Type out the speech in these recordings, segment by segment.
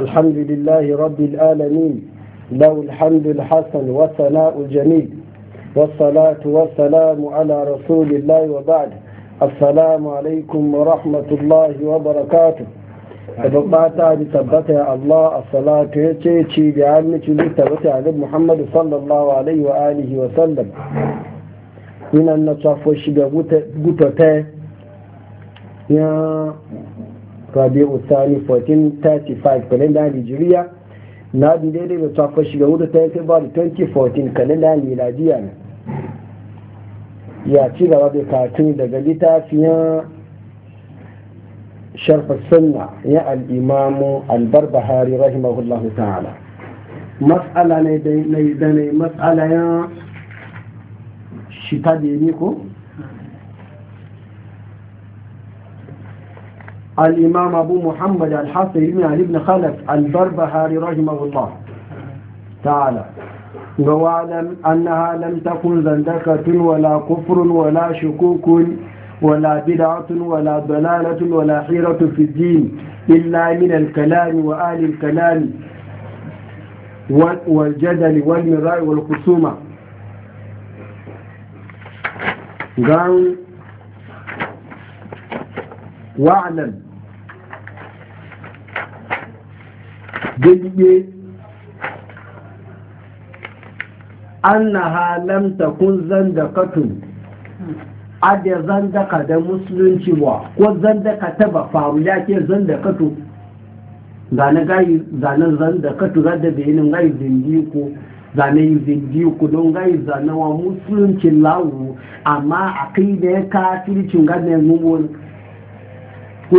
الحمد لله رب العالمين له الحمد الحسن والثناء الجميل والصلاة والسلام على رسول الله وبعد السلام عليكم ورحمة الله وبركاته أبقاتا بثبتها الله الصلاة يتشي بعلمك لثبتها عن محمد صلى الله عليه وآله وسلم من النصف والشبه قتتا يا rabi thani 1435 kalenda hijiriya na bi daidai da tafa shiga wuda ta february 2014 kalenda miladiya ne ya ci gaba da katun daga ya sunna littafin شرح السنة يا الإمام البربهاري رحمه الله تعالى مسألة نيداني مسألة يا ko الإمام أبو محمد الحافظ بن علي بن خلف البربهاري رحمه الله تعالى واعلم أنها لم تكن زندقة ولا كفر ولا شكوك ولا بدعة ولا ضلالة ولا حيرة في الدين إلا من الكلام وآل الكلام والجدل والمراء والخصومة قال wa'alam gilbe annaha lam takun zandaqatun ada zandaka da musulunci wa ko zandaka ta ba faru ya ke zandakatu zane gayi zane zandakatu da bayanin gai zingi ko zane yi ko don gai zane wa musulunci lawo amma aqida ya kafirci ganin mu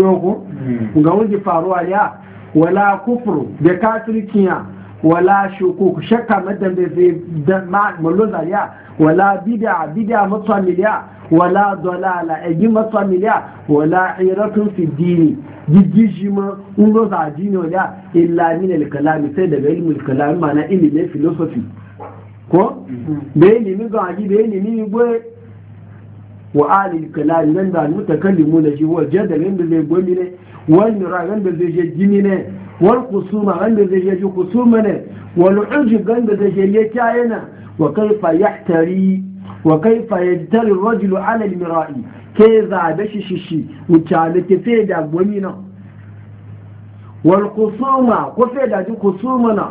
koyo hmm. ga wani faruwa ya wala kufru da kafirkiya wala shuku shakka madan da zai da ya wala bid'a bid'a mutamiliya wala dalala egi mutamiliya wala iratun fi dini jijjima unroza dini wala illa min al-kalam sai daga ilmul kalam mana ilimin philosophy ko da hmm. ilimin ga da ilimin gwe wa alil kalali nan da mutakallimu na shi wal jadal nan zai gwani ne wal nira nan da zai je jini ne wal kusuma nan da zai je kusuma ne wal ujub nan da zai je ya kyayana wa kaifa yahtari wa kaifa yajtari rajulu ala al mira'i ke zabe shi shishi wucale ke fe da gwani na wal kusuma ko fe da ji kusuma na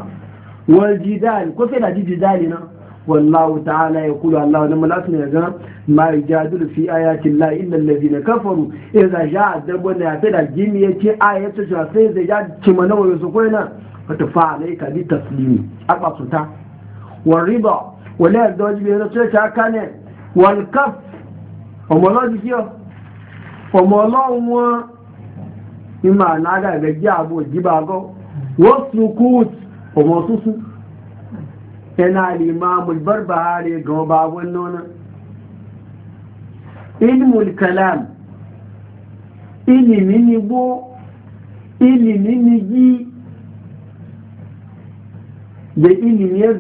wal jidal ko fe da ji jidali na والله تعالى يقول الله لما لا تنجا ما يجادل في آيات الله إلا الذين كفروا إذا جاء دبنا يعتدى جميع آية تجاسين إذا جاء كمانا ويسوكونا فتفع عليك بتسليم أربع سلطة والرضا ولا يدوج به رسولة كان والكف ọmọ ọlọ́dún kí ọ ọmọ ọlọ́run wọn ìmọ̀ àná àgàgbẹ̀jẹ́ àbò ìdíbàgọ́ wọ́n sunkún ọmọ tuntun yana limamul barbahari ga babun nuna ilmul kalam ilimi ni gbo ilimi da ilimi ya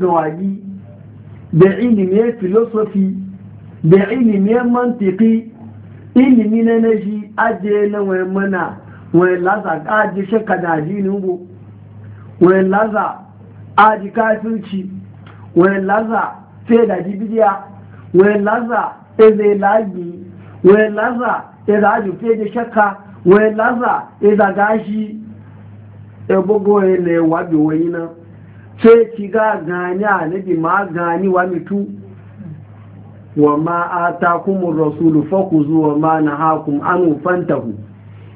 da ilimi filosofi da ilimi mantiki ilimi na nashi ajiye na wai mana wai laza ajiye shakka na ji nubu wai laza aji kafirci wani laza sai da jibidiya wani laza eze lagi wani laza eza aji sai da shakka wani laza eza gashi ebogo ele wabi wani na sai ki ga gani a nabi ma gani wa mitu wa ma atakumur rasulu fakuzu wa ma nahakum anu fantahu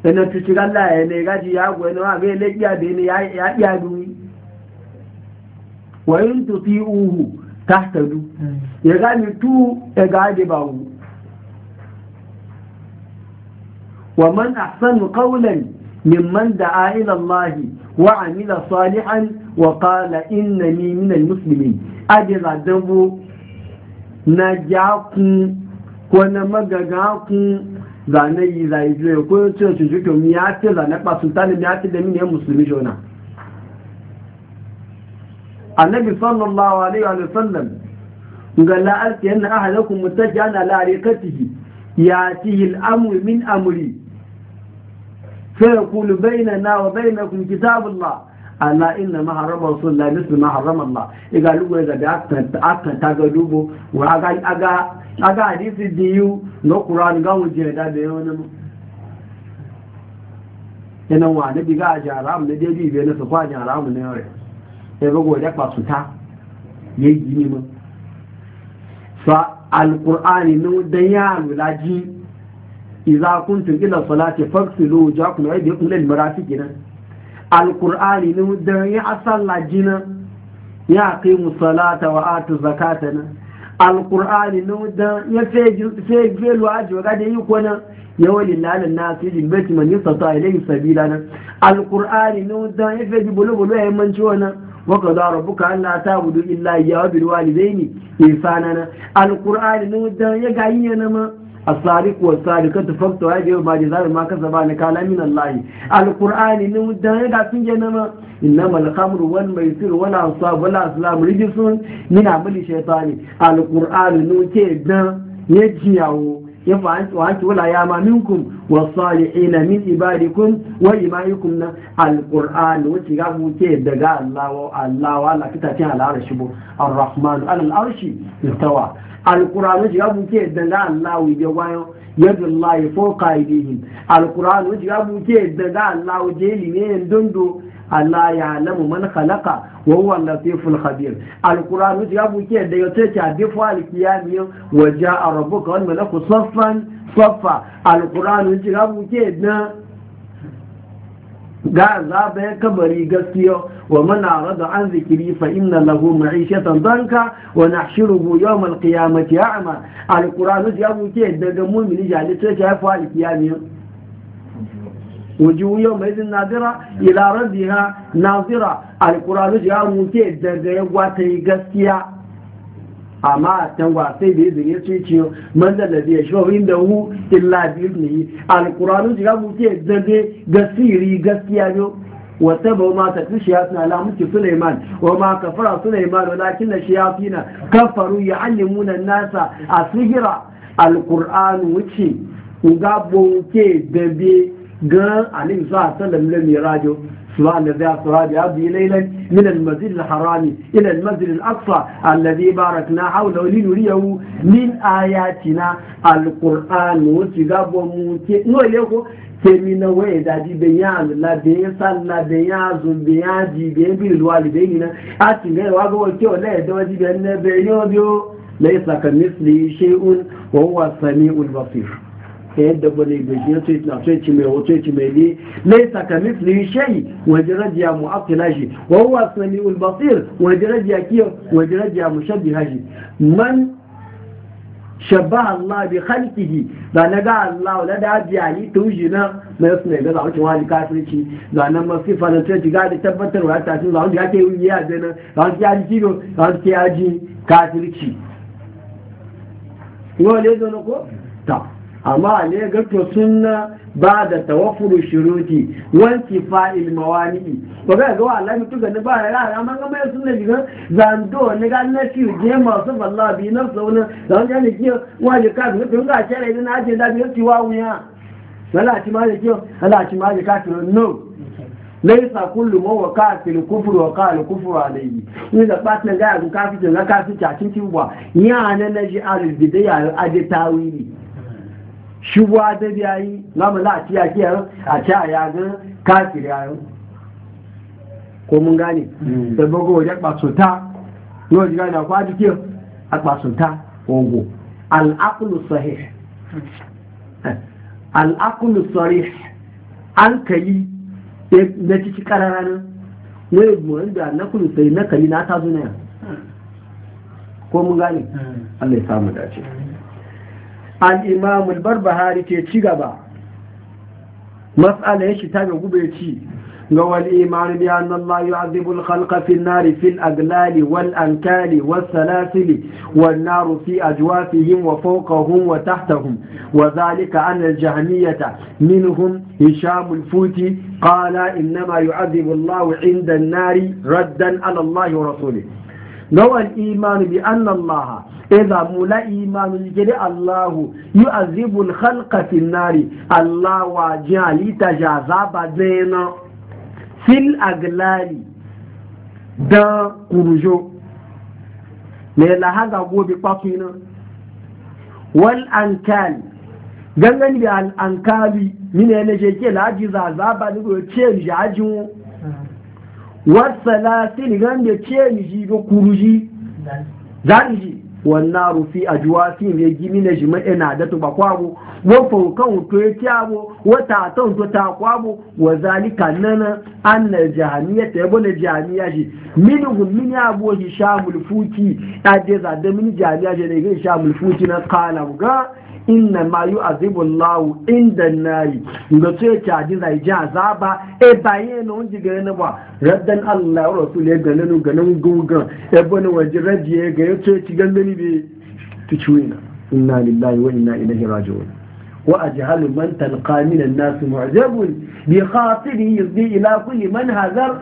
ina e tuci Allah ya e ne gaji ya gwe na ga ile e iya da ne ya iya du wayin tufi uhu ta tahtadu ya gani tu ya gade ba wu wa man ahsanu qawlan mimman da'a ila Allah wa amila salihan wa qala innani minal muslimin ajiza dambo na jakun ko na magaga ku zanayi zai ko ce cucu to mi ya ce zane pasultani mi ya ce da mini musulmi jona annabi sallallahu alaihi wa sallam ga la'alti yana ahalakum mutaji ana la'arikatihi ya tihi al'amur min amuri sai ya kulu bayna na wa bayna kun kitabullah ala inna ma harama rasulullah misli ma harama Allah iga lugu ga da akan ta ga wa aga aga hadisi diyu no qur'an ga wuje da da wani. mu yana wa da biga jaram ne dai bi be na su kwa jaram ne yau sai ga da ta ya yi ne ba fa alqur'ani no da ya lulaji idza kuntum ila salati faghsilu wujuhakum wa aydiyakum lil marafiqina alqur'ani na da ya asallajina ya aqimu salata wa atu na. alqur'ani na da ya feji feji luaji wa gade yi kona ya wali lalan na sai jin beti man yusata ilayhi sabila na alqur'ani no da ya feji bulu bulu ya manci wannan waka za ka Allah ta budu illa ya wa bil walidaini ihsanana alqur'ani nu da ya ga yin na ma asariku wa sarikatu fakta wa yajibu ma jazar ma kasaba na kala min Allah alqur'ani nu da ya ga sun je na ma wal maisir wal ansab wal aslam rijsun min amali shaytani alqur'ani nu ke dan ya jiyawo yafi wula ya ma minkum wa salihin min ibadikum wa imayikum na alƙur'an wuce ga buke daga allawa allawa na fita cin al'arar shi bu al-rahman al'arar shi mutawa alƙur'an wuce ga buke daga allawa ya wayo fo ƙa'idihin alƙur'an wuce buke daga allawa jeli ne don do allah ya alamu man halaka وهو اللطيف الخبير القرآن يجب كي يتشع بفع الكيام وجاء ربك والملك صفا صفا القرآن يجب كي ga zaɓe kabari gaskiya wa mana rada an zikiri fa inna lahu ma'ishatan danka wa nahshuruhu yawm al-qiyamati a'ma al-qur'an ya buke daga mu'mini jali sai ya fa al-qiyamiyya wujuhu yau mai zin nazira ila rabbiha nazira alkuranu ji hamu ke daga ya gwata yi gaskiya amma a can sai da izini ya ce man da da zai shawo da hu illa biyu gasiri gaskiya yau ما تتلو شياطين على ملك سليمان وما كفر سليمان ولكن الشياطين كفروا يعلمون الناس السحر القرآن وشي وقابوا كي دبي قال عليه الصلاة والسلام لم يراجع سواء الذي أسرى بأبي ليلا من المسجد الحرام إلى المسجد الأقصى الذي باركنا حوله لنريه من آياتنا القرآن وتجاب وموتي نوليه kemina wai da di benyan la ben salla benyan zu benyan di ben bi lu ali ben na ati ne wa go ke ole do di ben ne be yo laysa shay'un wa huwa samiul basir ta yadda bane gashi ya tsoyi na tsoyi mai wato ya mai ne lai sakamis ne shayi wajen rajiya mu abtila shi wa huwa sami'ul basir wajen rajiya kiyo wajen rajiya mu shabbi hashi man shabba Allah bi khalqihi da na ga Allah la da biyali tuji na mai su ne ga za wuce wani kafirci da nan masifa na ce ga da tabbatar wa ta sun za wuce ake yi ya da nan za wuce ya ji kido za wuce ya ji kafirci yau ne zo na ko ta amma ne gato sunna ba da tawaffuru shuruti wanki fa'il mawani ba ga ga wallahi mutu ne ba ya ra amma ga mai sunna diga zando ne ga na shi je masu wallahi bi na sauna zan ga ne kiyo waje ka ne tun ga share idan aje da bi ti wawu ya wala ti ma ne kiyo wala ti ma ne ka to no laisa kullu ma waka fil kufr wa qala kufr alayhi ni da batna ga ga kafin ga kafin ta cin bwa, ya nan na ji al bidaya al adtawili shi wa da na lamu na ci yake a ci a yaga ga kafir yayin ko mun gane mm. da bago wajen kpasuta yau ji gane ko aji a kpasuta ogo al'akulu sahih eh. al'aqlu sarih an kai eh, na cikin na ne mu da na kulu sai na kali na ta zo mm. ko mun gane mm. Allah ya samu dace al'imam al-barbahari ke ci gaba matsala ya shi ta ga gube ci ga wal'imanu biya na Allah yi azibul halkafin nari fil aglali wal ankali wal salasili wal naru fi ajwafihim wa fawqahum wa tahtahum wa zalika an al-jahmiyata minhum hisham al-futi qala innama yu'adhibu Allah 'inda nari raddan alallahi wa rasulihi gawal imanu bi anna allaha idza mula imanu ligede allahu yu'azibu al-khalqa fi an-nari allah wa jali tajazaba zaina fil aglali da kurujo ne la haga gobe kwafina wal ankal gangan bi al ankali mine ne je ke laji ni go ce jajin wasalasi ligande ce ni jigo kuruji zanji wannan rufi a juwafi mai gini na jima ina da tuba kwabo wa faukan to ya kyabo wa tatan to ta kwabo wa zalika nan an na jahaniya ta yabo na jahaniya shi min hun min ya shi shamul fuki ta je za da min jahaniya shi ne ga shamul fuki na kala ga inna ma yu allah inda nayi ga ce ta ji zai ji azaba e baye no ji ga na ba raddan allah rasul ya ga nanu ga nan gugan e bani waji radiye ga ya ci ganin gani be tuciwina inna lillahi wa inna ilaihi raji'un wa ajhalu man talqa min an-nas mu'jabun bi khatibi yudi ila kulli man hazar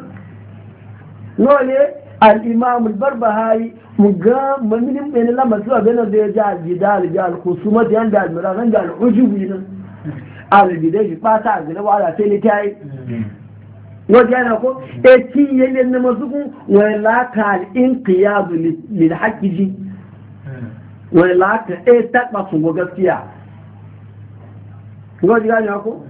wale al-imam al-barbahari muga mamin bin la masuwa bin da ya jidal ga al-khusumat yanda al-muragan ga al-ujubi nan al-bidai fata a gina wala sai ne tayi وجانا كو اتي يلي نمزقو ولا قال انقياد للحق جي wai laka ɗaya eh, taɓa su go gaskiya ga ji gani ko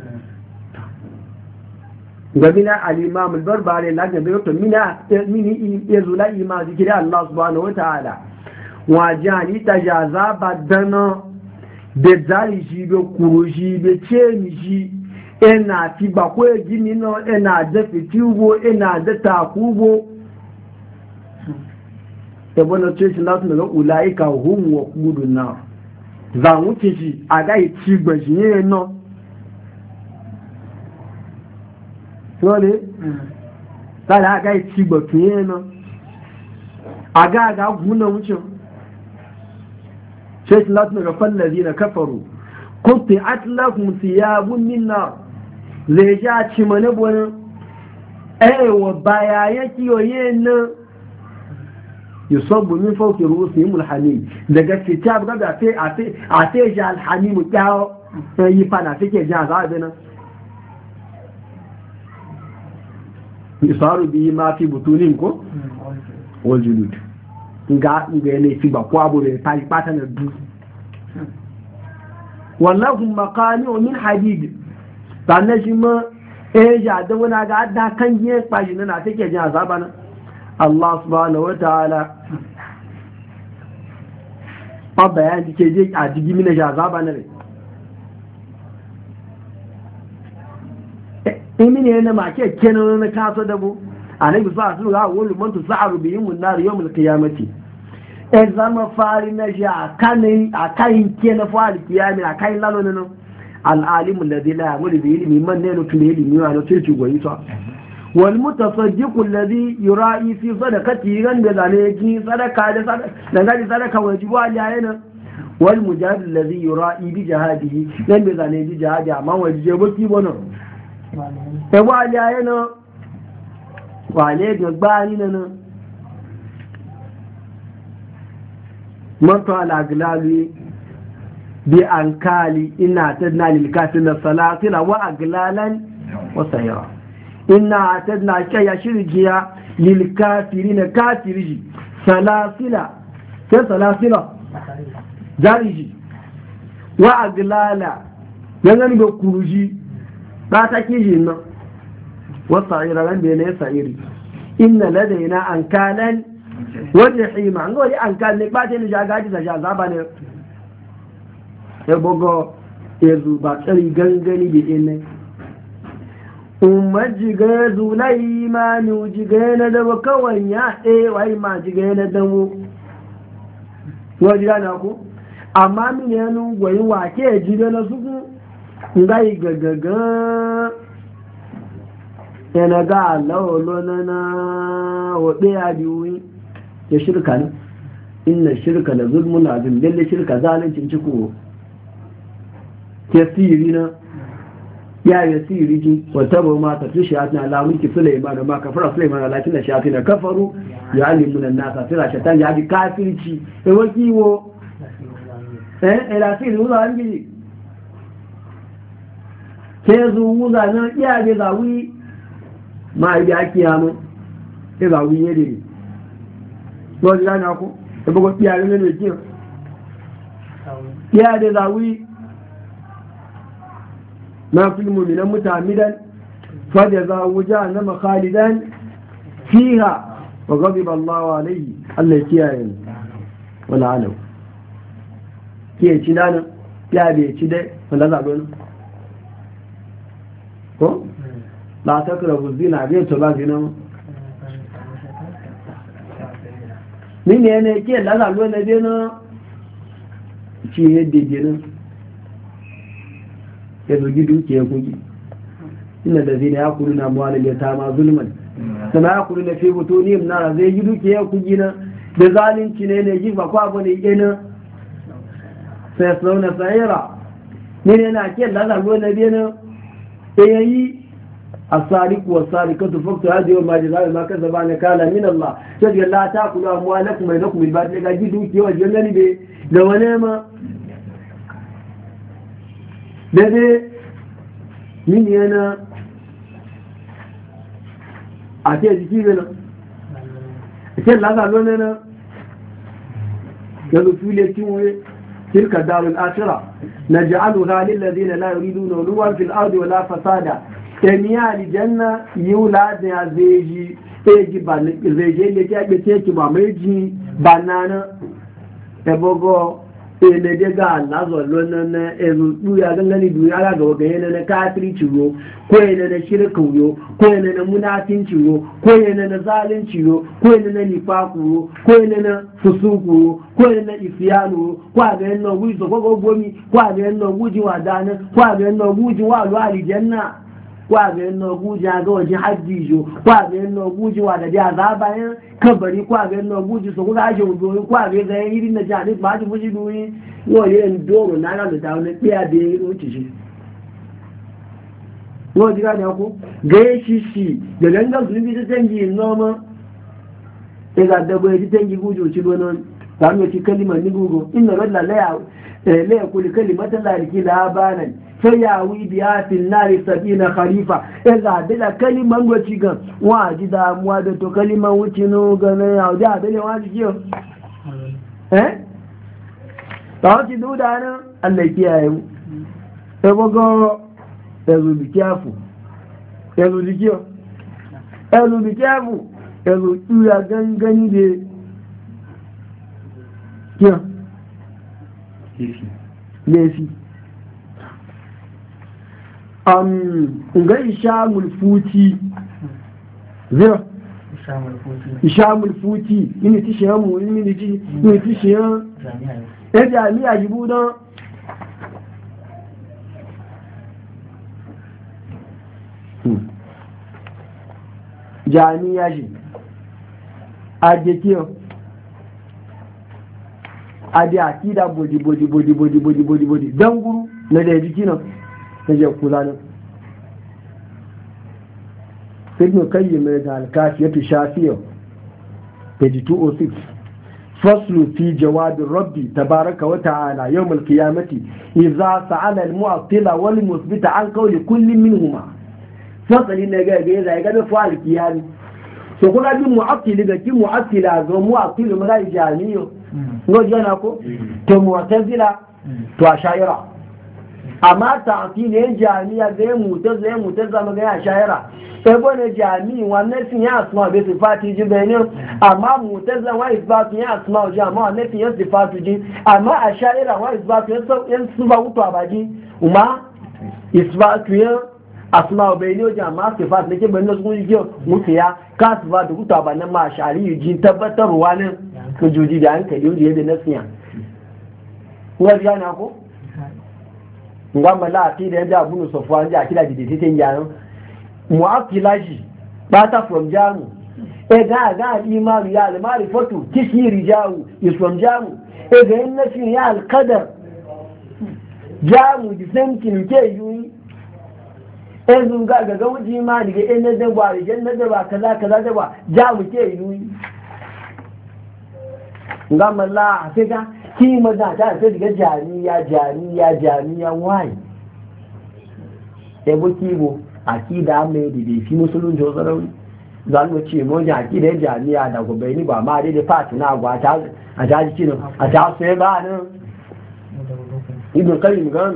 ga mina al-imam al-barbari la ga bayo to mina eh, mini yazo eh, la ima zikira Allah subhanahu wa ta'ala wa jani zaba badana da zali ji be kuruji be chemi ji ena e ti ba bakwai ji ni no ena de fitiwo ena de takubo yabo na ce shi lati daga ulaika hum wa kudu na za mu ci shi a ga yi ci gbashi ne no sole sale a ga yi ci gbashi ne no a ga ga guna wucin ce shi lati daga fallazi na kafaru kusti atlakun siyabun min nar zai ja ci mane bonin ewa baya yake yoye nan yusabu min fawqi ru'usihim alhamim daga kitab ga da sai ate ate ja alhamim tawo sai yi fana take ja za da nan yusaru bi ma fi butunin ko wal ga ga ne ba ko abu da ta yi du wallahu maqami min hadid sannan shi ma eh ja da wani ga da kan yi kwashi na take ja azaba nan Allah subhanahu wa ta'ala ya ji ke je a jigi mina ja zaba na rai in mini yana ma ke kenan na kaso a annabi sa su ga wani man tu sa'aru na yumun nar ya mace e zama fari na ja kanai akai ke na fari kiyami akai lalo nan al alim alladhi la yamul bi ilmi man ne no tu ilmi wa no tu goyi والمتصدق الذي يرائي في صدقته غند ذلك صدقة لغاية صدقة ويجب علينا والمجاهد الذي يرائي بجهاده غند ذلك بجهاده ما ويجب كيبنا ẹwọ́ alẹ́ ayé náà wà lẹ́gbẹ̀ẹ́ gbá na náà mọ́tọ́ alàgìláàrí bí àǹkáàlì iná àtẹ́dínà lè káàtí lọ sọ́lá sílà wọ́n àgìláàlá wọ́n yawa. inna atadna kaya shirjiya lil kafirina kafirji salasila sai salasila jariji wa aglala yangan da kuruji ba ta kiji nan wa sa'ira ran da ne sa'iri inna ladaina ankalan wa jahima an gori ankal ne ba ta ne jagaji da jazaba ne ya bogo ya zuba tsari gangani da ene umar jiga zulai mani jiga na dabo kawai ya ɗewa ma jiga na dabo yau jiga na ku amma min yanu wa ke jiga na suku ngai gagaga yana ga alawolo na na waɗe ya biyu ya shirka ne inna shirka da zulmun abin lalle shirka zalincin ciko ke siri na ya yi siriji wata ba ma ta tushe atina la mulki sulaiman ma kafara sulaiman lakin da shayatin kafaru ya alimuna nasa tira shaitan ya bi kafirci e eh ila e ke zu na ma yi ake ko na ku e bugo ne ne ما في المؤمن متعمدا فجزاء جهنم خالدا فيها وغضب الله عليه الله كيائن ولا علو كي تشنانا يا بي تشدي ولا لا بقول كو لا تقربوا الزنا بين تبا زنا يعني كي لا ke lalalo na شيء ci yadda ya soki dukiya kuki ina da zina ya kudu na buwanin ya ta ma zulman sana ya kudu na fi hoto ne na zai yi dukiya kuki na da zalinci ne na yi bakwa ba ne ya na sai sau na sahira ne ne na ke lalar ruwan na biyu na ɗaya e yi a sariku wa sarika tu fakta hadi wa maji zalim ma kasa ba ne kala min Allah sai ga la a kula amwalakum wa lakum ibadatu ga gidu ki wa jannani be da wani ma dabe mini yana a ce jiki bena a ce lazalo ne na yanzu fule kinwe tilka darul asira na ji'alu halin lazina la yuridu na ruwan fil ardi wala fasada emiya alijanna yiwula da ya zeji eji ba zeje ne ta gbe teki ba meji banana ebogo ele de ga Allah lona na ezu duya gangani duya ga gaba ganye na kafirci yo ko yana na shirkin yo ko yana na munafinci yo ko yana na zalunci yo ko yana na nifaku yo ko yana na fusuku yo ko yana na ifiyanu ko a ga yana guji so ko ko a ga yana guji wa ko wa kwabe noguji a gawaji hajjijo kwabe noguji wa da biya za bayan kabari kwabe noguji su kuka ake wudoyi kwabe ga yan irin na jani ba ta fushi doyi yau yin doro na nan da ta wani tsaya da ya yi roci shi yau jira da ku ga ya shi shi da gangan su bi ta tangi noma ya ga dabo ya ta tangi gujo ci gonon ta mu ci kalimar ni gugu inda rada eh, laya kuli kalimatan lariki labanan fayawi biya fil nari sabina khalifa, e ga dala kaliman goci gan wa ji damuwa da to kaliman wuce no ganin ya da dala wa ji kiyo eh? eh ta wuce duda nan Allah kiyaye mu e bogo ezu bi kiafu ezu e bi kiyo ezu bi kiafu ezu tura gangani de kiyo Lefi. Lefi. ga isha mulfuti zira isha mulfuti ina ti ṣe mú ini ti ini ti ṣe hàn ẹjẹ àmì àyíbú náà bodi bodi bodi bodi bodi bodi danguru na da yadda sai ya kula ne sai ibn qayyim da al-kafiyatu shafi'u page 206 faslu fi jawabin rabbi tabaraka wa ta'ala yawm al-qiyamati idza sa'ala al-mu'attila wal musbita an qawli kulli minhuma fasali ne ga ga zai ga fa al-qiyami so kula bi mu'attili ga ki mu'attila zo mu'attilu ma ga jami'u hmm. ngo jana ko hmm. to mu'tazila hmm. to ashaira amma tafi ne jami'a zai mutu zai mutu zama ga shayara sai bane jami'i wannan sun ya asuma bai su fati ji bayanin amma mutu zan wa isba sun ya asma ji amma wannan sun ya su fati ji amma a shayara wa isba sun ya su ba mutu a baji kuma isba sun ya asma bayanin ji amma su fati ne ke bayanin sun yi mutu ya ka su ba da mutu a banan ma shari'i ji tabbatarwa ne kujuji da hankali yadda na siya. Kuwa ji ko? ngama la ati da ja bunu sofwa ja kila dide tete yanu muakilaji bata from jamu e ga ga imanu ya al marifatu kishiri jamu, is from jamu e ga inna shi ya al qadar jamu di same thing ke yuni e zun ga ga ga wuji imani ga inna da gwari, ri janna da ba kaza kaza da ba jamu ke yuni ngama la ati ga kí mo dá àti àti ìgbẹ́ jàníyà jàníyà jàníyà wáì ẹgbẹ́ ya wo àkídà mẹ́rin dìde fi mùsùlùmí jọ sọ́rọ́ wí zanuwa ce mun ya ki da jami'a da gobe ni ba ma dai da fati na gwa ta a ta ji kinu a ta sai ba nan ibn qayyim gan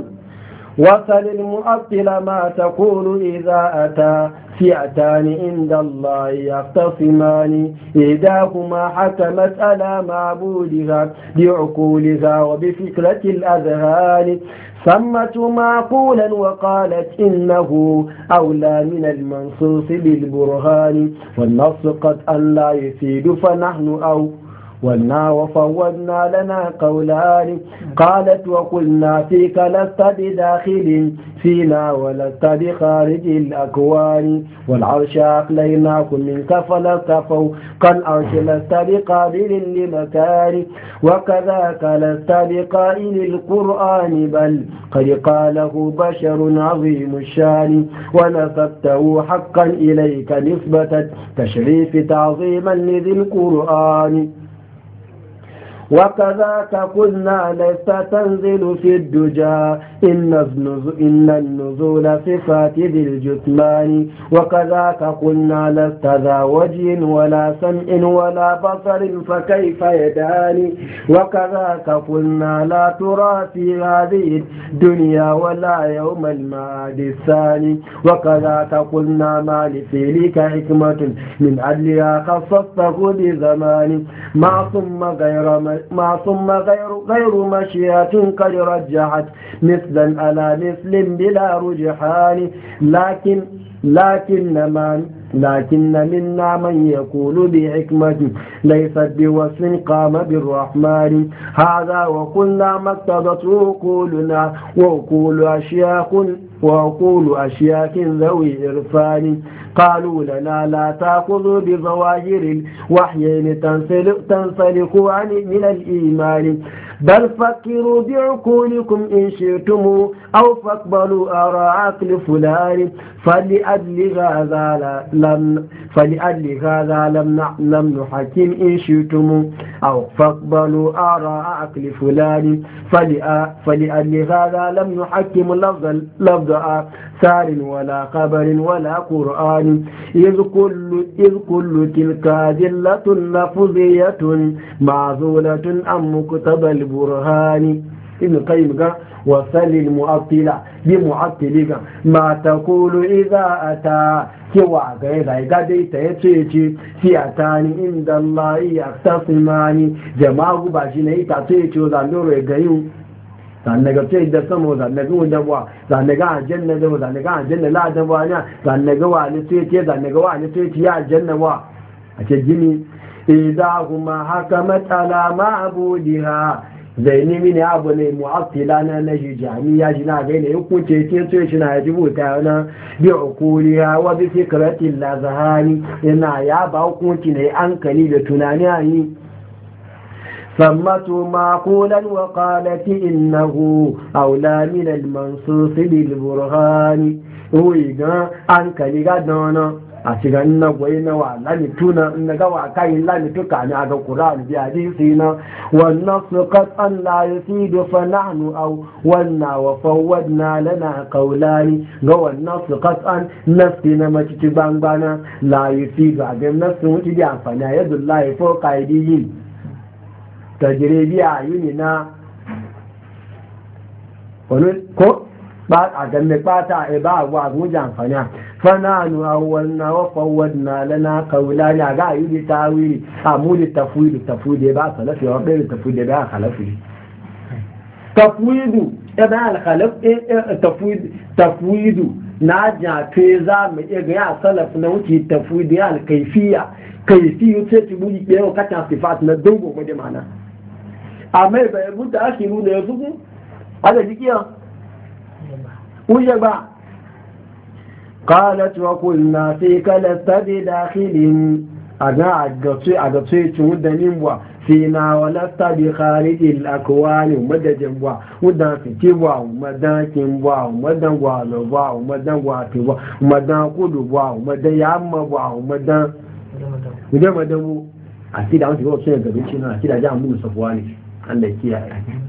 وصل المؤطل ما تقول إذا أتى فئتان عند الله يختصمان إذاهما حكمت على معبودها بعقولها وبفكرة الأذهان سمت معقولا وقالت إنه أولى من المنصوص بالبرهان والنص قد أن لا يفيد فنحن أو قلنا وفوضنا لنا قولان قالت وقلنا فيك لست بداخل فينا ولست بخارج الأكوان والعرش أقليناكم منك كفل كفو كالعرش لست بقابل لمكان وكذاك لست بقائل القرآن بل قد قاله بشر عظيم الشان ونسبته حقا إليك نسبة تشريف تعظيما لذي القرآن وكذاك قلنا لست تنزل في الدجى إن النزول صفات ذي الجثمان وكذاك قلنا لست ذا وجه ولا سمع ولا بصر فكيف يداني وكذاك قلنا لا ترى في هذه الدنيا ولا يوم المعاد الثاني وكذاك قلنا ما لفيلك حكمة من عدلها خصصته بزمان معصم غير من ما ثم غير غير مشيئة قد رجحت مثلا على مثل بلا رجحان لكن لكن من لكن منا من يقول بحكمة ليست بوصف قام بالرحمن هذا وقلنا ما اقتضته قولنا وقول أشياخ وأقول أشياك ذوي إرفان قالوا لنا لا تأخذوا بظواهر الوحي تنسلقوا عن من الإيمان بل فكروا بعقولكم إن شئتم أو فاقبلوا آراء عقل فلان فلأجل هذا لم لم نحكم إن شئتم أو فاقبلوا آراء عقل فلان فلأجل هذا لم نحكم لفظ لفظ آثار ولا خبر ولا قرآن إذ كل إذ كل تلك ذلة لفظية معزولة عن مكتب البرهان ibn qayyim ga wa salil mu'attila bi mu'attili ga ma taqulu idza ata cewa ga ya zai gade ta ya ce ce fiyatani inda Allah ya tasimani jama'a ba shi ne ta ce ce zandoro ya gayu zanne ga ce da samo zanne ga wanda ba zanne ga aljanna da zanne ga aljanna la da ba ne zanne ga wani ce ce zanne ga wani ce ce ya aljanna ba a ce gini idza huma hakamat ala ma'budiha zai mini abu ne mu'abtila na na hijami ya ji na ga ne hukunce cikin tsoye shi na ya ji buta na bi hukuri ya wa bi fikratin Ina yana ya ba hukunci ne an kani da tunani a yi sammatu makulan wa kalati innahu aula minal mansu sili burhani oyi ga an kani ga dana a shiga na gwai na wa lamitu na na ga wa kai lamitu ka ne a ga Qur'an bi hadisi na wannan su qatan la yusidu da fana'anu a wannan wa na lana kaulari ga wannan su qatan nafsi na macici bangbana la yusidu a ga nafsi wuce da amfani yadullahi fo ne na wani ko a game bata a ba a gwa gun jamfani fana nu awwalna wa na lana qawlani ga yi ni tawili amuli tafwid tafwid ba salafi wa ghayr tafwid ba khalafi tafwid e ba al khalaf tafwid e, e, tafwid na jafe za mu iya ga ya salaf na wuce tafwid ya al kayfiya kayfiyu ce ci buji ke wa kata sifat na dogo ko da mana amma ba mu da akhiru da yanzu ko ada jikiya Uyaga, k'a la turaku na sai kala la dakili bi da ɗin a ga tso yi cin, a ga tso na wala ta bi fari ni, u ma da ɗan bua, u danse ci bua, u ma dan kin bua, u ma dan kudu bua, u ma ma dan, u da ma da mu da an ta ke yi k'a fi son kai da ake yi a munum an lakiya yari.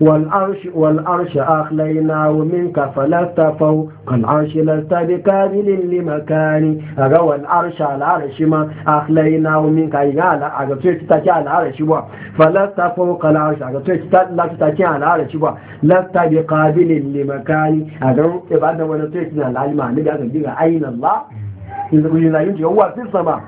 والعرش والعرش أخليناه منك فلا استفوا كالعرش لست بكامل لمكان أغا العرش على العرش ما أخليناه منك يغالا أغا تتكي على العرش بوا فلا استفوا كالعرش أغا تتكي على العرش بوا لست بقابل لمكان أغا إبادة ونتكي على العلم أغا أين الله إذا كنت يجب أن يوافي السماء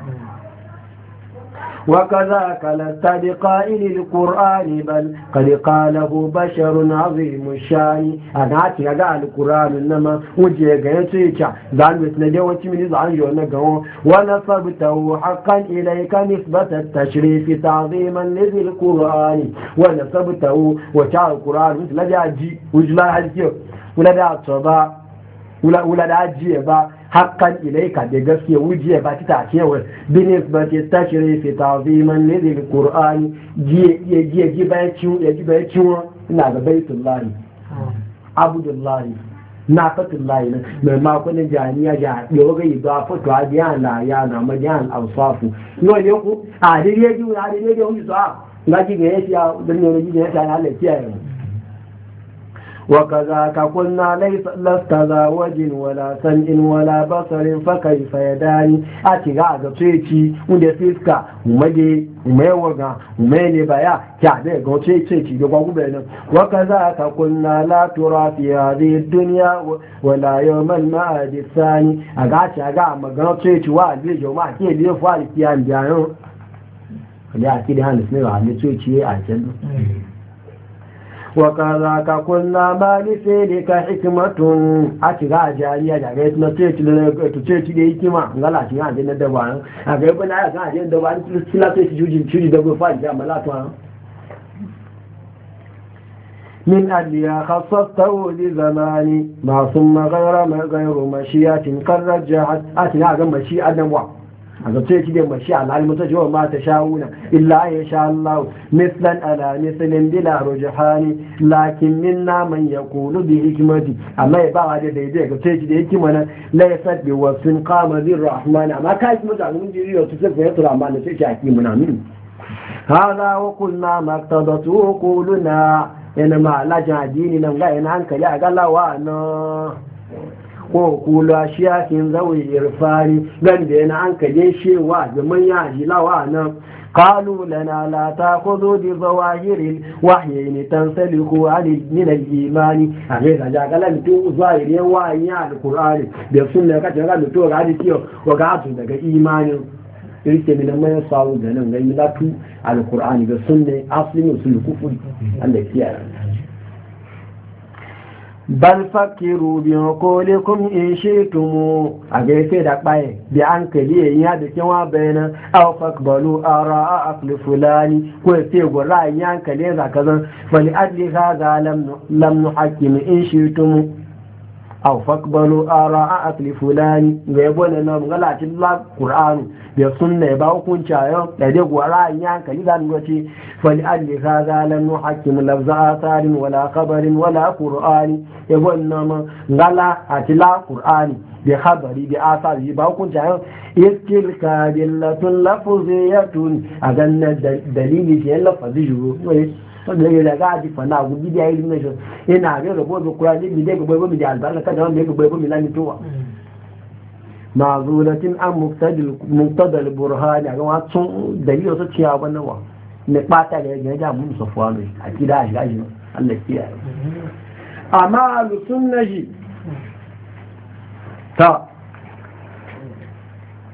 وكذاك لست بقائل القرآن بل قد قاله بشر عظيم الشان أنا أتي أقع القرآن إنما وجه قيتيك ذان مثل جوتي من ذان ونصبته حقا إليك نسبة التشريف تعظيما لذي القرآن ونصبته وشاء القرآن مثل جاجي وجلا هالكيو ولا دا صبا ولا ولا دا جيبا hakan ilaika da gaske wujiya ba ta cewar binis ba ta tashire fi ta'ziman ne da qur'ani jiye jiye ya ji bayan ciwo ya ji bayan ciwo ina ga lari baitullahi lari na fatin lari na mai makonin jami'a ya yau ga ba fatu a biya na ya na majiyan alfafu yau ne ku a dire ji a dire ji hujja na ji ga yasiya dan ne ji ga yasiya na lafiya yau وكذاك قلنا ليس لست ذا وجه ولا سمع ولا بصر فكيف يداني اتي أتغا غتشيتي ودي سيسكا ومجي وميوغا وميني بايا كعبي دو يقوم بينا وكذاك قلنا لا ترى في هذه الدنيا ولا يوم المعاد الثاني أغاتي أغا مغتشيتي وعلي جمع كي ليفوالي كيان بيانو Ilé àti ìdíhàn lè fún ìwà àmì tí ó ti àìsẹ́nu. وكذا كنا ما لفعلك حكمة أتغا جارية جارية ما تشيتي دي كما قال أتغا جنة دوان أغيب أنا أتغا جنة دوان سلا تشيجي تشيجي دوان فاجي أملا توان من أجلها خصصته لزماني ما ثم غير ما غير مشيئة قد رجعت أتغا مشيئة نوع a ce ki da mashi al'ali mutu wa ma ta sha'una illa ya sha Allah mislan ala mislan bila rujhani lakin minna man yaqulu bi hikmati amma ya ba da daidai ga ki da hikima nan la yasad bi wasin qama bi rahman amma ka yi da mun jiri to sai ya tura amma sai ki hakimu na min hada wa kunna maktadatu quluna Ina ma la jadini nan ga yana hankali a galawa na ko kula shi ya kin zawi irfari dan da yana an kaje shewa da manya hilawa nan قالوا لنا لا تأخذوا بظواهر الوحي تنسلخوا عن من الإيمان أمير جاك لم تظاهر يواني على القرآن بسنة كتنا لم تغادي تيو وقعتوا لك إيمان irke mi nan sawu da nan ga milatu alqur'ani ga sunne aslin usul kufur Allah ya bal fakiru bi qawlikum in shi'tum a ga da baye bi an kali yayin ya da kin wa bena aw fakbalu ara aql fulani ko sai an kali za kazan fali adli hadha lam lam nuhakim in shi'tum aw fakbalu ara'a akli fulani ga yabo ne na ngala tin la qur'an ya sunna ba hukunci ayo da dai gwara an ya kali da ngoci fal alli hadha lan nuhakkim lafza atharin wala khabarin wala qur'an yabo ne ma ngala atila qur'an bi khabari bi athar yi ba hukunci ayo iskil kadilatun lafziyatun aganna dalili ke lafazi juro da ya daga aji fana na gudu biya irin nashi yana rin rabo da kura ne bidai gaba gaba da albarka kada wanda ya gaba gaba lami towa ma'azulatin an muktadal burhani a gama tun dalilin su ciya wannan wa ne bata da ya ja mun safuwa ne a kida a shiga shi Allah kiyaye amma alusunnaji ta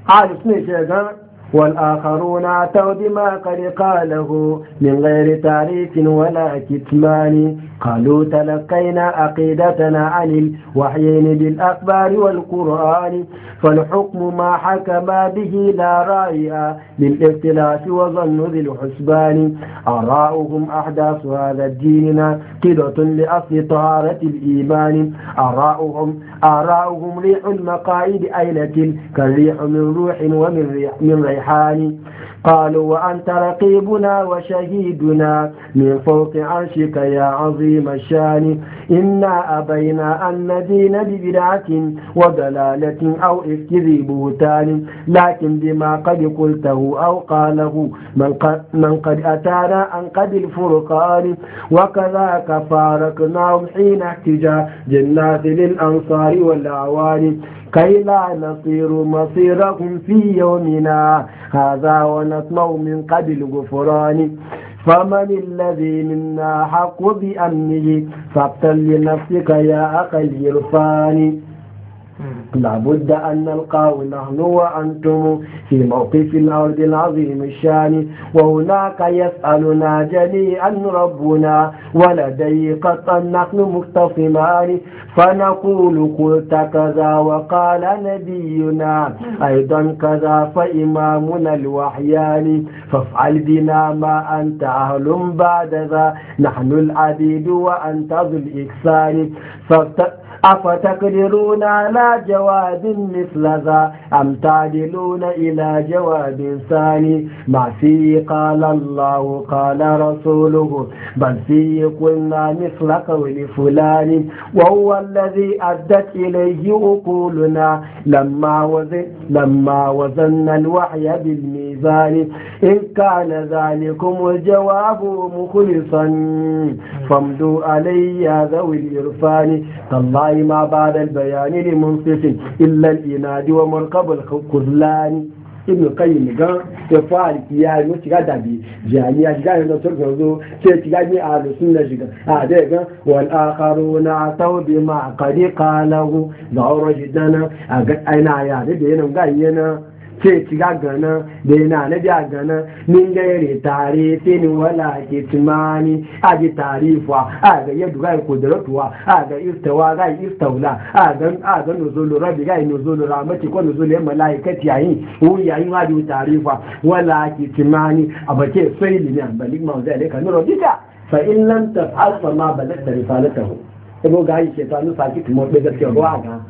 alusunnaji ga والآخرون أتوا بما قد قاله من غير تعريف ولا كتمان قالوا تلقينا عقيدتنا عن الوحيين بالأخبار والقرآن فالحكم ما حكما به لا رأي بالاختلاف وظن ذي الحسبان أراؤهم أحداث هذا الدين ناقضة لأصل طهارة الإيمان أراؤهم أراهم ريح المقايد أيلة كالريح من روح ومن ريح من ريحان قالوا وأنت رقيبنا وشهيدنا من فوق عرشك يا عظيم الشان إنا أبينا أن ندين ببدعة وضلالة أو افتري ذي بهتان لكن بما قد قلته أو قاله من قد, من قد أتانا أن قد الفرقان وكذاك فارقناهم حين احتجا جنات للأنصار والأعوان كي لا نصير مصيركم في يومنا هذا ونسمع من قبل غفران فمن الذي منا حق بأمنه فابتل لنفسك يا أخي الجرفان لابد أن نلقاه نحن وأنتم في موقف الأرض العظيم الشان وهناك يسألنا جميعا ربنا ولدي قطا نحن مختصمان فنقول قلت كذا وقال نبينا أيضا كذا فإمامنا الوحيان فافعل بنا ما أنت أهل بعد ذا نحن العبيد وأنت ذو الإكسان أفتقدرون على جواب مثل ذا أم تعدلون إلى جواب ثاني ما فيه قال الله قال رسوله بل فيه قلنا مثل قول فلان وهو الذي أدت إليه أقولنا لما وزن لما وزن الوحي بالميزان إن كان ذلكم الجواب مخلصا فامدوا علي ذوي الإرفان تالله والله ما بعد البيان لمنصف إلا الإناد ومرقب الخذلان ibn qayyim ga ya fari ya yi ga dabi jami ya shiga da turka zo ti ga ni a lusun na shiga a dai ga wal akharuna taw bi ma qad qalahu da aure a ga aina ya da yana ga yana sai ci ga gana da yana na biya gana min gaire tare sai ni wala ke timani a ji tarifa a ga yadda ga kudratuwa a ga istawa ga istaula a ga a ga nuzulu rabbi ga nuzulu rahmati ko nuzulu ya malaikati yayin wu yayin wa ji tarifa wala ke timani a ba ke sai ni an balik ma zai leka nuro dika fa in lam taf'al fa ma balagta risalatahu ibo ga yi ke tanu saki tumo be gaskiya ko ga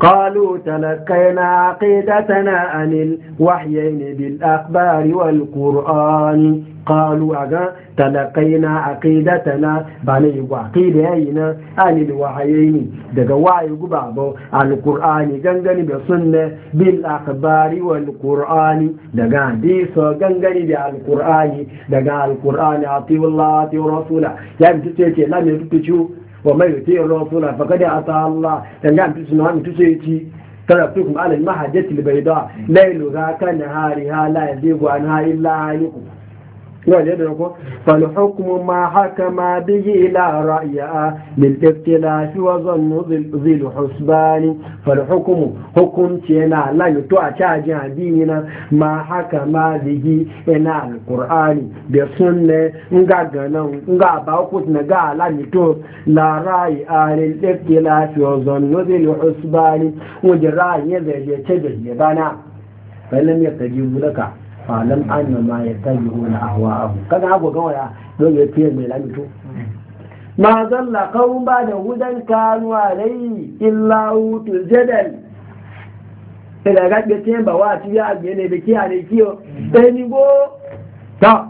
قالوا تلقينا عقيدتنا عن الوحيين بالأخبار والقرآن قالوا أجا تلقينا عقيدتنا بني وعقيدهنا عن الوحيين دقا وعي قبابو عن القرآن جنجني بسنة بالأخبار والقرآن دقا ديسو جنجني بالقرآن دقا القرآن أطيب الله أطيب رسوله يعني تتيتي لم يتتشو وما يطيع الرسول فقد أطاع الله تنجم تسمع من تسيتي تركتكم على المحجة البيضاء ليلها كنهارها لا يزيغ عنها إلا عليكم wale da ko fal hukmu ma hakama bihi ila ra'ya lil iftilaf wa zannu zil husban fal hukmu hukum na la yuto a caji adini ma hakama bihi ina alqur'ani da sunne nga ganan nga ba ku na ga la mito la ra'ya lil iftilaf wa zannu zil husban wajra ya da ya ce da bana falam yastajibu laka falam anna ma wa abu kada hago ga waya don ya fiye mai lamito ma zalla kawun ba da hudan kanu rai illa hutu jadal ila ga ke tin ba wa ti ya gbe ne be kiya ne kiyo ni go ta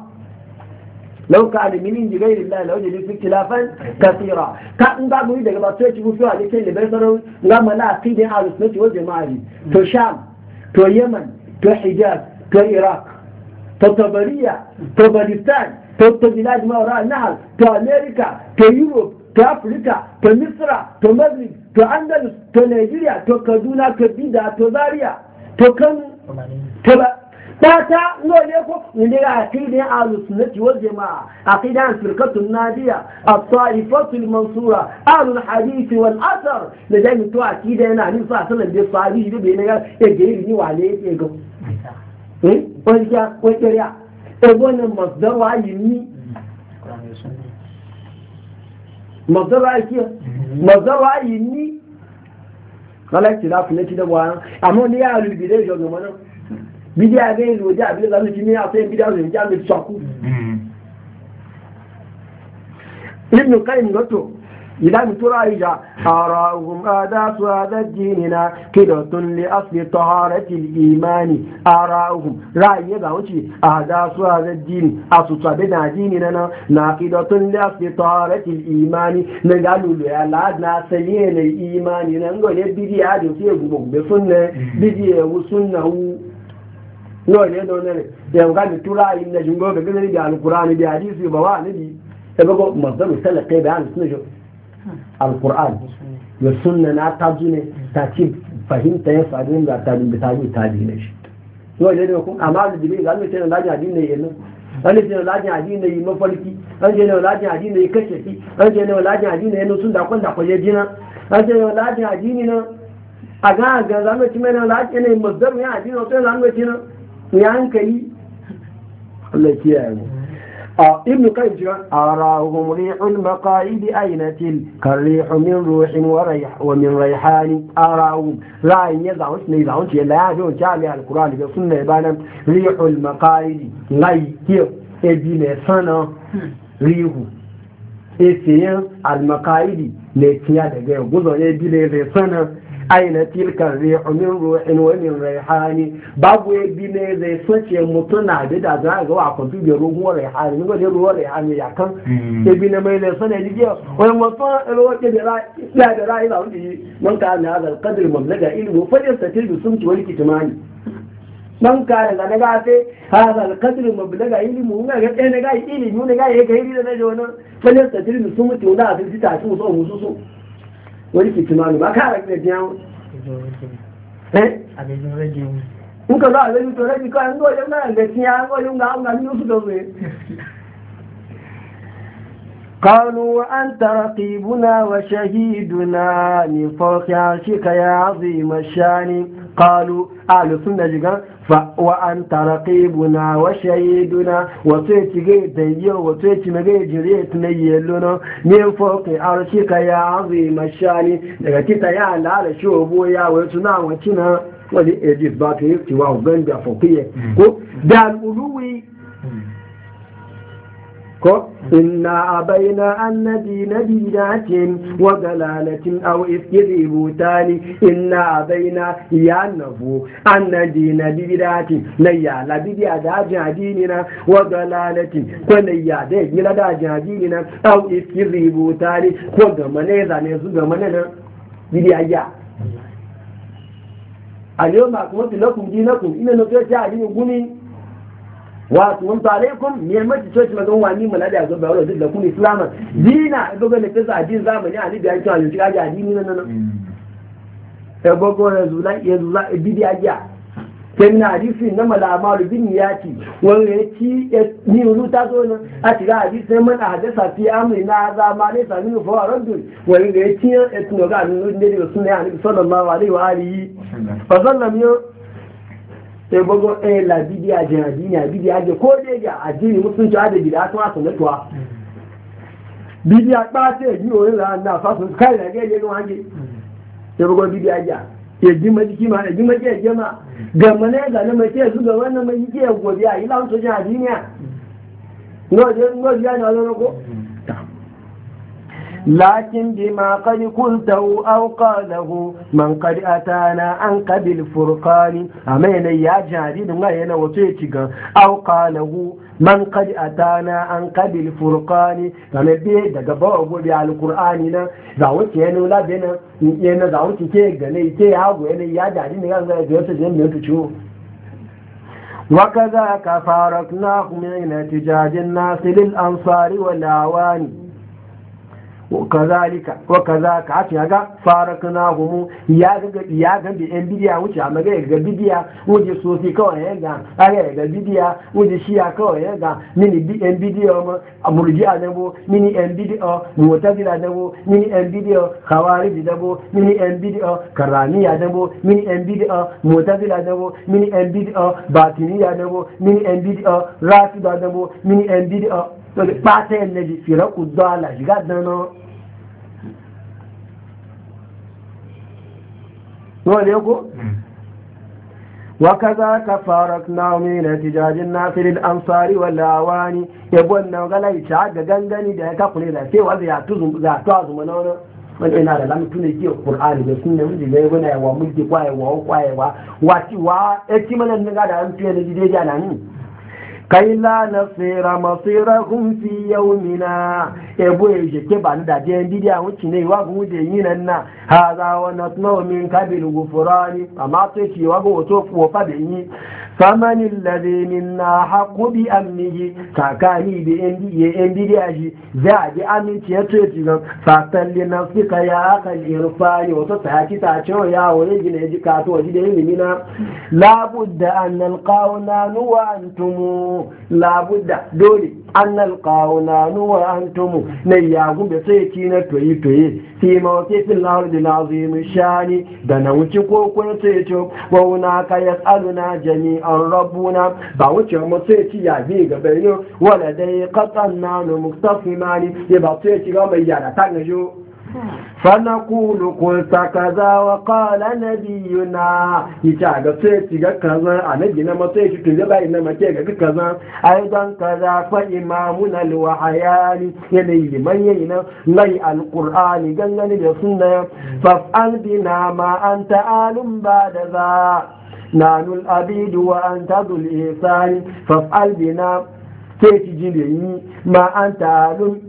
law ka da minin ji gairi Allah law ji fi kilafan kasira ka in ba mu daga ba sai ci gufiwa ne kai libar sarau ga mala aqidin ahlus sunnah wal jama'a to sham to yaman to hijaz كالعراق كطبرية كبلستان كبلاد ما وراء النهر كأمريكا كيوروب كأفريقيا كمصر كمغرب كأندلس كنيجيريا ككادونا كبيدا كزاريا كم كبا باتا نوليكو ندير عقيدة أهل السنة والجماعة عقيدة عن فرقة النادية الطائفة المنصورة أهل الحديث والأثر لدينا تو عقيدة أنا عن صلى الله عليه وسلم بالصحابي بينا يجري وعليه يجري wọ́n ebonye à ẹgbọ́n ni mọ̀sídọ́rọ̀ ayé ní mọ̀sídọ́rọ̀ ayé kíọ́ mọ̀sídọ́rọ̀ ayé ní kọ́lẹ́tì láti létí dẹ́gbọ́ ara àmọ́ ní yàrá olùbí lè yọ ọ̀gbọ̀n náà bídí abẹ́ ìlú ọjà àbílẹ̀ lọ́dún ti ní àfẹ́ bídí àwọn ènìyàn lè sọkú. ibùdó káyìn idan turaija arahun adasu adar jinina kidotun li asli taharatin imani arahun ra'ayi ga wuce adasu adar jini a sutsabe na na na kidotun li asli taharatin imani na galulu ya la'adina saliye na imani na ngole bidiyar da su egwu gbogbo sunne bidiyar ewu sunna hu ngole don nare da yau gani turaji na jingo gaggazin da alukurani da hadisi ba wa nabi ebe ko masu zama salaka ya bayan sunna shi alkur'an ya sunna na ta ne ta ci fahimta ya faru da ta bi ta yi ta ne shi yau da ne kun amma da dibi ga mutum da lajin addini ne yanzu an ce lajin addini ne mafarki an ce da lajin addini ne kashe shi an ce da lajin addini ne sun da kun da kwaje jina an ce da lajin addini ne a ga ga zamu ci mai lajin ne mazdar ya addini to zamu ne ya hankali Allah kiyaye mu ابن قيم أراهم ريح المقائد أين تل كالريح من روح وريح ومن ريحان أراهم لا يزعون سنة يزعون شيء لا يعجون جامع القرآن في سنة يبانا ريح المقائد لا يكير ابن سنة ريح ese yin almakaidi ne kiya daga guzo ne aina tilkan rihu min ruhin wa min raihani babu ya bi ne zai sace mutuna da da za ga wa ku da ruwan raihani ne da ruwan raihani ya kan ya hmm. bi ne mai ne sana ji ya wani mafa roke da da ra'i da wani man ka na hadal qadr mamlaka ilmu fa yastatil bi sumti wal kitmani man ka da na ga sai hadal qadr mamlaka ilmu ga ga ne ga ilimi ne ga ya ga hiri da na jono fa yastatil bi sumti wala ta ta su so musu so wani ke tunanu ba ka rage biya mu eh in ka za a zai to rage ka yanzu wajen nan ga tiya an wajen ga an ga ni su da zuwa قالوا وأنت رقيبنا وشهيدنا من فوق عرشك يا عظيم الشان قالوا أهل السنة جيغان وأنت رقيبنا وشهيدنا وتيتي جيدا يو وتيتي مجي جريت نيلنا من فوق عرشك يا عظيم الشان لغتيتا يا على شوبو يا ويتنا وتنا ولي إجيز باكي يفتي وعبان بأفوقية دان ألوي ko inna abaina annabi na bidatin wa dalalatin aw iskiri butani inna abaina ya nabu annabi na bidatin na ya labidi a dajin adini na wa dalalatin ko na ya da yi la dajin adini na aw iskiri butani ko ga mane zane su ga mane na bidi a yau ma kuma tilakun dinakun ina na fiye ta adini gumi wasu wani alaikum miyar mace coci magan wani mana da yazo bayan da kun islama dina ebe ga da fesa ajin zamani a libya yankin ajin shiga ga adini nan nan ebe ga na zula ya zula bidi ajiya kemina hadisi na malama rubin ya ci wani ya ci ni wani ta zo nan a shiga hadisi na mana hadasa fi amri na zama ne sami nufa wa rabbi wani ya ci ya tunoga a nuna da suna ya hannu sallallahu alaihi wa alihi fa sallam yau sai bago eh la bidiya je adina bidiya je ko dai ga addini musulunci a da bidiya tun asan Bidi bidiya ba ta yi oyin la na fasu kai da ga je no haje sai bago bidiya ja ya ji ma jiki ma ya ji ma ke je ma ga mane ga na mai ke su ga wannan mai ke godiya ila sun ji adiniya no je ya na ko لكن بما قد قلته أو قاله من قد أتانا أنك بالفرقان فرقان أمين يا جارين غينا وتيتك أو قاله من قد أتانا أنك بالفرقان فرقان أمين بي دقبوا أبوبي على القرآن نا زاوك ينو لا بينا ينا زاوك كيك غني كي هاو ينا يا جارين غينا وتيتك نتشو وكذا كفارقناه من احتجاج الناس للأنصار والأعوان wakazalika wakazaka a cikin ga na humu ya ga ya ga bi en bidiya wuce amma ga ga bidiya wuje sofi kawai ya ga aga ga bidiya shi shiya kawai ya ga mini bi en bidiya ma amurji'a da bo mini en bidiya mu'tazila da bo mini en bidiya khawarij da bo mini en bidiya karamiya da bo mini en bidiya mu'tazila da bo mini en bidiya batiniya da bo mini en bidiya rafida da bo mini en bidiya lórí pátá ẹ̀nà di fìrẹ́kù dọ́ọ̀là ṣìgá dáná wọ́n lè kó وكذاك فارقنا من اتجاج الناصر الانصار والاواني يبون نغلا يشاغ غنغني da ka kule da sai wanda ya tuzu za ta azu mana wannan wanda ina da lamu tune ki Qur'ani da sunna mun diga yana yawa mulki kwaye wa kwaye wa wati wa e kimanan daga da an tuye da dide jana ni kai la na nasira masirahum fi yawmina ebo e je ke banda de ndidi awon chine wa gun de yin na za wa natnu min kabil gufrani amma to e ki wa go to ko fa de faman alladhi minna haqqu bi amnihi takani bi indi ya indi shi za a ji aminci ya ce ci gan fatan ya akal irfani wato ta haki ta ce ya wani gina ji ka to da ilimi na la budda an alqawna wa antum la budda dole an nalƙawo na nuwa an tumu na yagun da sai ki na toyi toyi fi ma wace fin lahar da na shani da na wuce ko kun sai ce ba wuna ka ya tsalu na jami'an rabuna ba wuce mu sai ci ya bi ga bayan wala dai qatan na nu mani ya ba sai ci ga mai yara ta gajo فنقول قلت كذا وقال نبينا يتاغا سيتيغا كذا انبي نما سيتي تجبا انما كيغا كذا ايضا كذا فامامنا الوحيان يلي من ينا لي القران غنن السنه فافعل بنا ما انت عالم بعد ذا نحن العبيد وانت ذو الاحسان فافعل بنا سيتي جيني ما انت عالم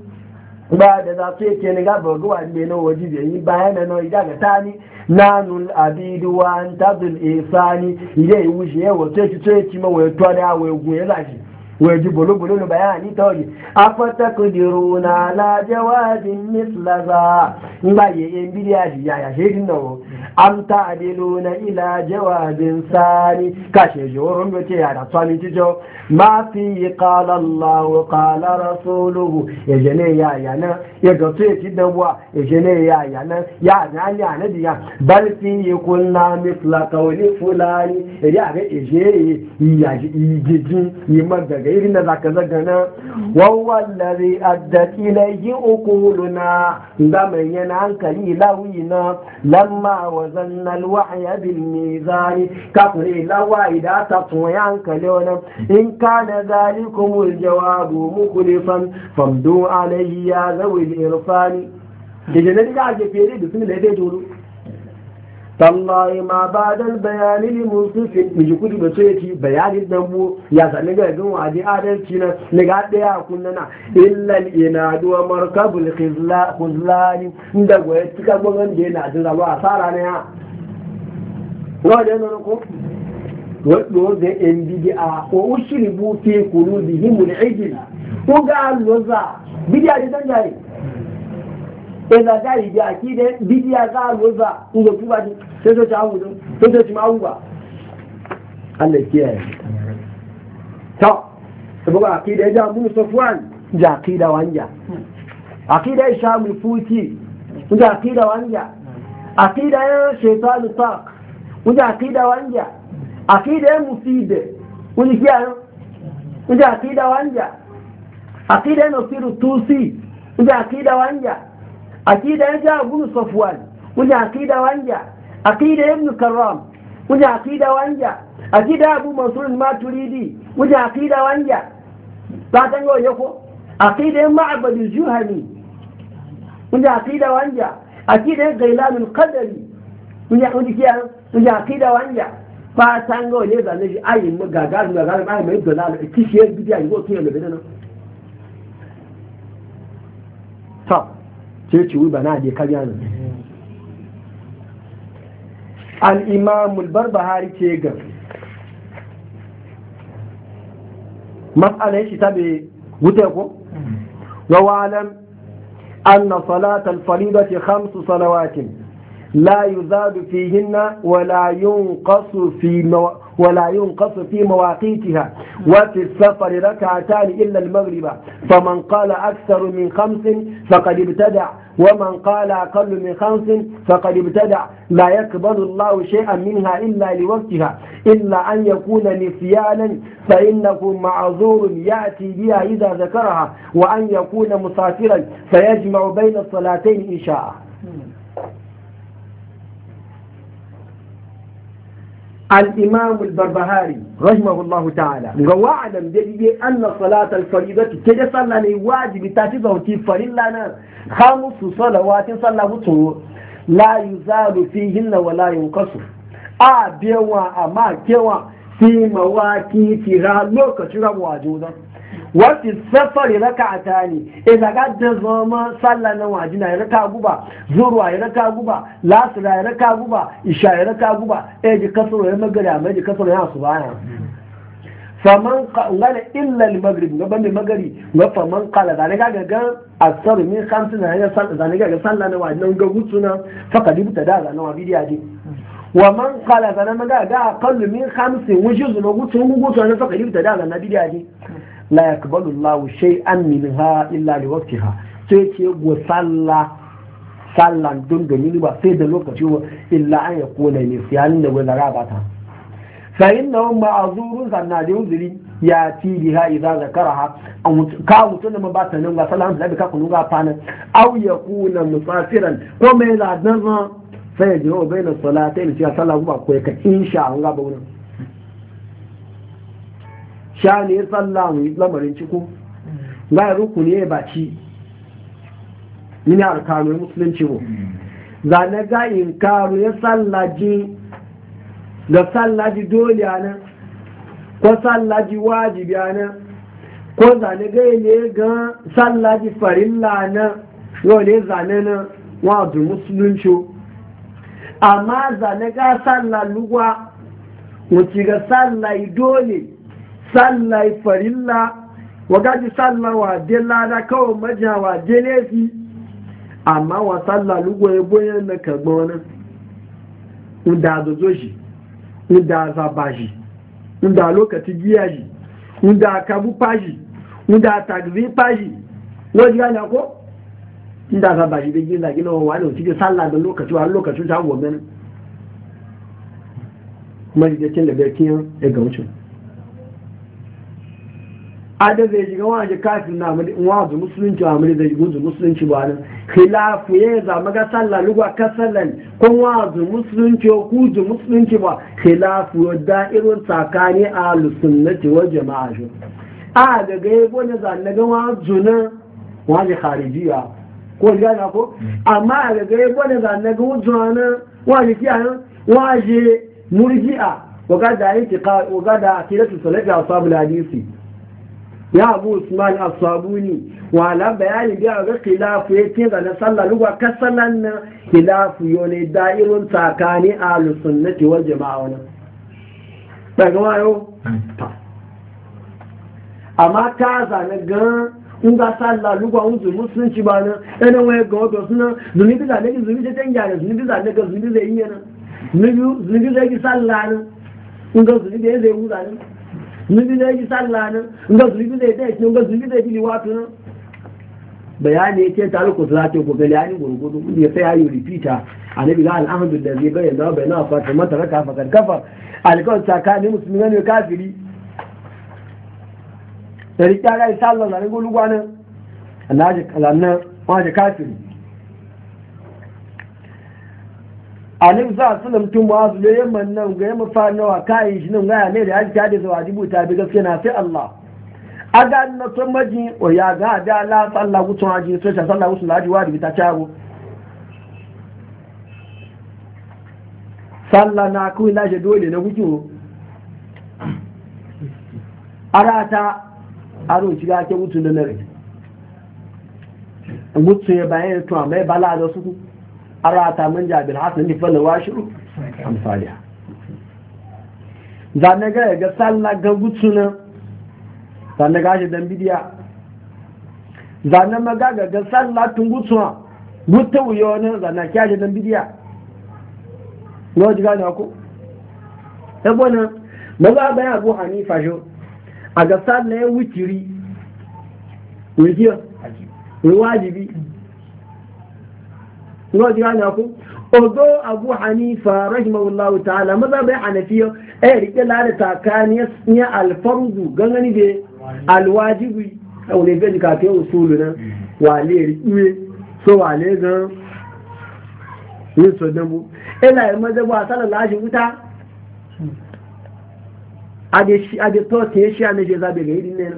ba da za su yake ni gaba ruwa ne na waje da yi bayan da nawa idan ga ta ni nanul abidu wa tazul isani ile yi wuce yawa to yake to yake ma wai to da wai goye za shi wai ji bolo bolo ne bayan ni ta waje afata kudiruna la jawabin mislaza in ba ye yi bidiya shi ya ya shedin nawo am na ila jawabin sani kashe jorun bace ya da tsani tijo ma fi qala Allah wa rasuluhu ya jene ya yana ya ga to ci dabuwa ya jene ya yana ya na a na biya bal fi kunna mithla fulani ya ga eje ya gijin yi magaga irin da zaka zaga na wawa addaki na yi ukuluna ga mai yana hankali lauyi na lamma وزن الوحي بالميزان كفر إلا وإذا تطوي عنك لونا إن كان ذلكم الجواب مخلصا فامدوا عليه يا ذوي الإرفان يجب أن تكون هذه الفيديو بسم الله tallahi ma ba dan bayanin ne musu fi miji kudi ba so yake bayanin dan mu ya sami ga gan waje adalci na ne ga daya kunna na illa ina inadu markabul khizla khizlani inda goye tika gongan da yana jin rawa asara ne ya wa da nan ko wadda da yan a ko ushiribu fi qulubihim al ijla ko ga alwaza bid'a da dan ẹ̀nà dá ìdí àkídẹ́ bíbí àgá àlóza ńlọ fún wájú tẹ́tọ́ ti áwùjọ tẹ́tọ́ ti máa wùwà. alẹ́ kí ẹ̀ tọ́ ìbúkọ̀ àkídẹ́ ẹjọ́ àbúrò sọ fún àná jẹ́ àkídẹ́ wa ń jà àkídẹ́ ìṣàmù fúùtì ń jẹ́ àkídẹ́ wa ń jà àkídẹ́ ṣètò àlùtọ́k ń jẹ́ àkídẹ́ wa ń jà àkídẹ́ mùsíbẹ̀ ń jẹ́ kí àná ń jẹ́ àkídẹ́ wa ń jà àkídẹ́ nọ̀sírù túùsì ń jẹ́ àkídẹ́ wa ń akida ja ibn safwan wani akida wanja akida ibn karram wani akida wanja akida abu mansur turidi wani akida wanja ba tan go yako akida ma'bad al-juhani wani akida wanja akida gailan al-qadari wani wani kiya wani akida wanja ba tan go ne da ne ayin mu gaga gaga ba mai dolala kishiyar bidiya go kiyo ne bidana to sai ci wiba na je kabiya barbahari ce ga matsalai shi ta bai wuce ko hmm. wawalan an na salatar farida ce hamsu salawatin لا يزاد فيهن ولا ينقص في مو... ولا ينقص في مواقيتها وفي السفر ركعتان إلا المغرب فمن قال أكثر من خمس فقد ابتدع ومن قال أقل من خمس فقد ابتدع لا يقبل الله شيئا منها إلا لوقتها إلا أن يكون نسيانا فإنه معذور يأتي بها إذا ذكرها وأن يكون مسافرا فيجمع بين الصلاتين إن شاء الإمام البربهاري رحمه الله تعالى وعلم بيبي أن صلاة الفريضة كده صلى واجب تاتيزه تي فريلانا خمس صلوات صلى وتو لا يزال فيهن ولا ينقص أبيوا أما كيوا في مواكي في غالوك تيرا واجودا wafi safari raka a ta ne e zaga da zama sallah na wajina ya raka guba zuruwa ya raka guba lasira ya raka guba isha ya raka guba e ji kasoro ya magari amma ji kasoro ya su baya faman ngala illa al magrib ga bambe magari ga faman kala da ga ga asar min na ya sallah da ga sallah na wajina ga gutsuna faka dibuta da ga na wabidiya ji wa man qala da na ga ga aqallu min khamsin wujuzu na gutsun gutsun na faka dibuta da ga na bidiya ji la yakbalu Allahu shay'an minha illa li waqtiha sai ce go salla sallan don da ni ba sai da lokaci wa illa an yakuna ne siyan da wazara ba ta fa innahu ma'zurun zanna da uzuri ya ci biha idza zakaraha ka mutun da ba nan ga sallan da ka kunu ga fana aw yakuna musafiran ko mai ladan fa sai ya jiro bayan salatain sai sallah ba ko ka insha Allah gaba wani sha ne ya tsalla mu yi lamarin ciko ga ruku ne ya baci mini ya musulunci mu zane ga karu ya tsallaji da tsallaji dole a nan ko tsallaji wajibi a nan ko zane ga ne ga tsallaji farilla nan yau ne zane na wadu musulunci amma zane ga tsallaluwa wacce ga tsalla dole sallai farilla wagaji sallar wa lada kawai majiya waje laifi amma wa sallar lugo ya boye na karɓar wani inda zozo shi inda zaba shi inda lokaci giya shi inda kabu fashi inda tagzi fashi wani jẹ́ àlẹ́ kó inda zaba shi bai gina gina wa wani cikin sallar da lokaci wa lokacin ta ne da ya ga wucin ada zai shiga wani kafin na amuri in wazu musulunci wa amuri zai guzu musulunci ba nan khilafu ya yi zama ga sallar lugwa ka sallan kun wazu musulunci wa kuzu musulunci ba khilafu ya da'irun tsakani a lusunnati wa jama'a shi a ga ga ya gwada zanne ga wazu na wani kharijiya ko ya gana ko amma a ga ga ya gwada zanne ga wazu na wani kiyayen waje murji'a wa gada yake wa gada akidatu salafi ashabul hadisi ya abu usman asabuni wala bayani biya ga khilafu ya ce ga sallah lugwa ka sallan na khilafu yo ne da'irun tsakani ahlus sunnati wal jama'a wannan daga wayo hmm. amma gan in ga sallah lugwa un zu musulunci ba waye ga wato suna zunubi zane ki zunubi ta gyara zunubi zane ka zai yi zai ki sallah in ga zai mini na yi sallah nan in ga zai dai ki in ga zai bili wato nan bayani yake ta alku salatu ko gali ani gurgudu ne sai ayu repeater annabi la alhamdu da zai bayyana da bayyana fa ta mata raka fa karkafa alkawar tsakanin musulmi ne kafiri da rikara sallah nan gulu gwanan annaji kalannan waje kafiri alim sa sulam tun wa su yayin man nan ga yamma fa nawa kai shi nan ga ne da hajji hadisi wajibu ta bi gaskiya na sai Allah aga na to maji o ya ga da la sallah ku tun haji sai sallah ku laji wajibi ta chawo sallah na ku ina je dole na kuki arata aro shiga ke wutu da nare wutu ya bayan to amma bala da su arata man ja bil hasan ni fala washiru amsaliha ne ga ga salla ga gutsuna ne ga shi dan bidiya zanne ma ga ga salla tun gutsuna gutta wuyo ne zanne kya shi dan bidiya no ji gane ko e bona maza bayan abu hanifa jo a ga sallah ya wutiri wujiya wajibi Ngo ji ku? Odo Abu Hanifa rahimahullahu ta'ala maza bai hanafiya eh rike la da takani ya alfardu gangani be alwajibi au ne ka usulu wale rike so wale so maza ba sala wuta ade shi ade to shi je ga ne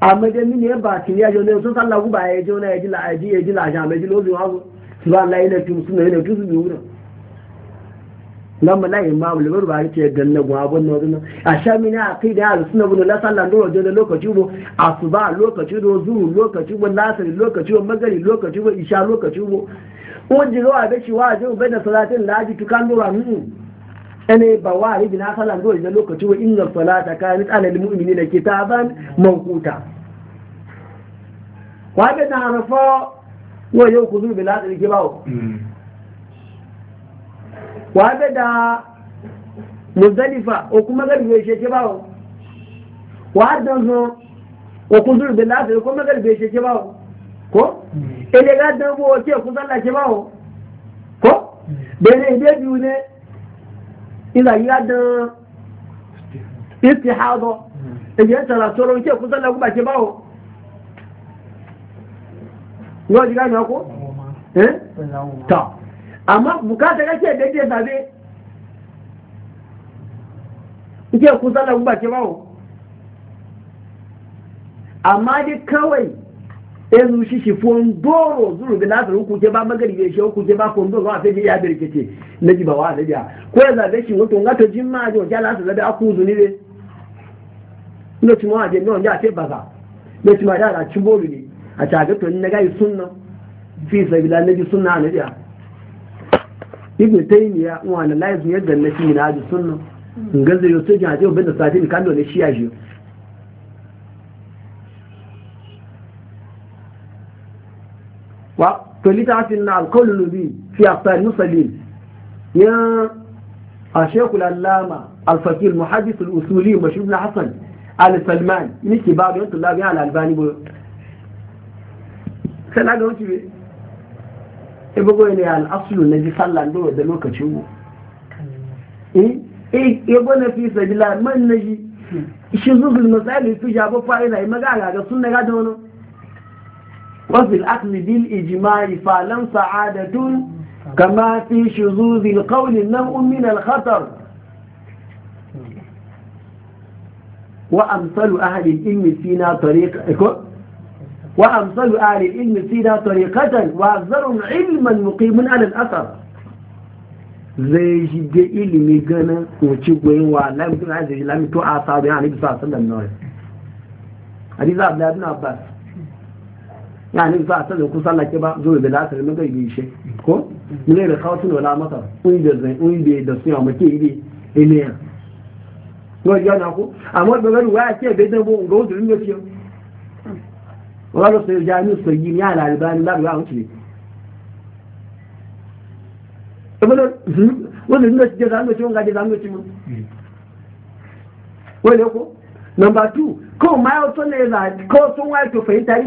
amma da ba jo ne so ba ya jo na ya ji la ji ya ji la ja me ji lo ba Allah yana suna yana wurin lamma ba yake danna na a sha mina da al la sallan do da lokaci bo asuba lokaci do zuhu lokaci bo lasar lokaci bo magari lokaci bo isha lokaci bo wajin a da shi wa je da salatin laji kan dora mu hmm. ene ba wa sallan do da lokaci inna salata mu'minina kitaban mawquta wa na rafa wọ́n yóò kú zúrùbí láti rí kíbáwò wà bẹ́ da mùsẹ́lífà òkú mẹ́gẹ́lìfà ìṣe kíbáwò wà á dán san òkú láti rí kó mẹ́gẹ́lìfà ìṣe kíbáwò kó eléga dán bó ọtí òkú sálà kíbáwò kó bẹ̀rẹ̀ ìdí ẹ̀bí wù ní ìlà yìí á dán ìtìhádọ́ èyí ẹ̀ sàrà sọ̀rọ̀ ìṣe òkú sálà kó yau ji gane ko? eh? eh? ta bukata kake daidai zabe ike ku sallah ba ke bawo amma dai kawai yanzu eh, shi shi fon doro zuru da lasarin ku ke ba magari bai shi ku ke ba fon doro a sai ya birkice na ji ba wa da biya ko ya zabe shi wato ngato jin ma ajo ya lasa zabe aku zuni ne ne ci ma aje ne wanda a sai baza ne ne a tagato na gai sunna fi sabila na ji sunna na biya ibn taymiya wa na laizun yadda na fi na ji sunna in gaza yau sai jaje bin da satin kallo ne shi yaji wa to litafin na alqawl nubi fi afsar musallin ya a shekul allama al-fakir muhaddis al-usuli mashhur na hasan al-salman ni kibar yan tullabi al-albani sai na ga wuce be ibugo ne al'asulu na ji sallan dawa da lokaci go e e ibo na fi sabila man na ji shi zuzul misali fi ja fa'ida yi magana ga sun daga da wani wasu al'asli bil ijimai, falan sa'adatun kama fi shuzuzil qawlin nan min al-khatar wa amsalu ahli ilmi fina tariqa eh, وأمثل أهل العلم فينا طريقة وأكثرهم علما مقيما على الأثر zai shi da ilimi ganin wuce goyin wa lamitin a zai lami to a sabu yana nufi sa'asar da nawai hadisa abu labin abbas yana nufi sa'asar da kusan lake ba zuwa da lasar mai gai bishe ko mune da kawo sun wala masa unbe zai unbe da sun yawa ke ile ile ya ko yana ko amma da gani bai da wani sai jami'u sai ya lalibani labiya a wuce wanda nuna shi jaza nuna wanga jaza nuna mun wani ko number two ko ma yau ne za ko sun waye to fahimta